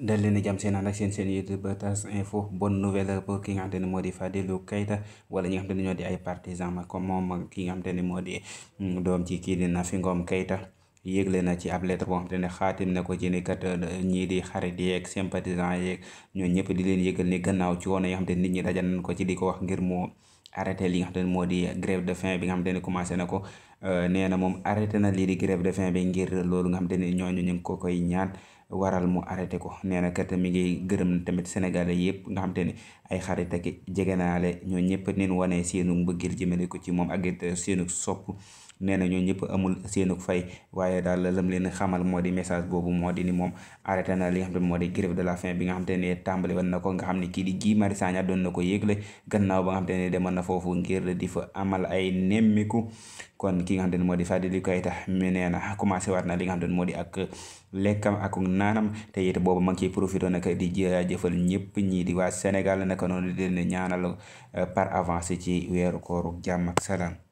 dal leen jàmm seen ànd ak seen seen YouTube ba tas info bonne nouvelle pour ki nga xamante ne moo di Fadilou Keita wala ñi nga xamante ne ñoo di ay ma comme moom ki nga xamante ni moo di mm, doom ci kii di Nafi Ngom Keita yégle na ci ab lettre boo xamante ne xaatim na ko ci kat euh, ñii di xarit yeeg sympathisants yeeg ñoo ñëpp di leen yëgal ni gannaaw ci woon yi nga xamante nit ñi dajal nañ ko ci di ko wax ngir moo arrêté li nga xam ne moo di grève de fin bi nga xam ne commencé na ko euh, nee na moom arrêté na lii di grève de faim bi ngir loolu nga xam ne ñooñu ñu ngi ko koy ñaan waral mu arrêté ko nee na kat mi ngi gërëm tamit sénégal yëpp nga xam te ne ay xarit ak jegenaale ñoo ñëpp neen wane seenu mbëggeel jëmale ko ci moom ak seenu sopp nee na ñoo ñëpp amul seenuk fay waaye daal lam leen xamal moo di message boobu moo di ni moom arrêté na li nga xam moo di grève de la faim bi nga xam te ne tàmbali woon na ko nga xam ne kii di Guy Marius na ko yëgle gannaaw ba nga xam na foofu ngir di fa amal ay nemmiku kon kii nga xam te ne moo di Fadilou Keita mi nee na commencé waat na li nga xam te ne moo di ak lekkam ak naanam te it boobu ma ngi ciy profité nag di jëfal ñëpp ñii di waa Sénégal naka noonu di leen ñaanal euh, par avance ci weeru kooru jàmm ak salaam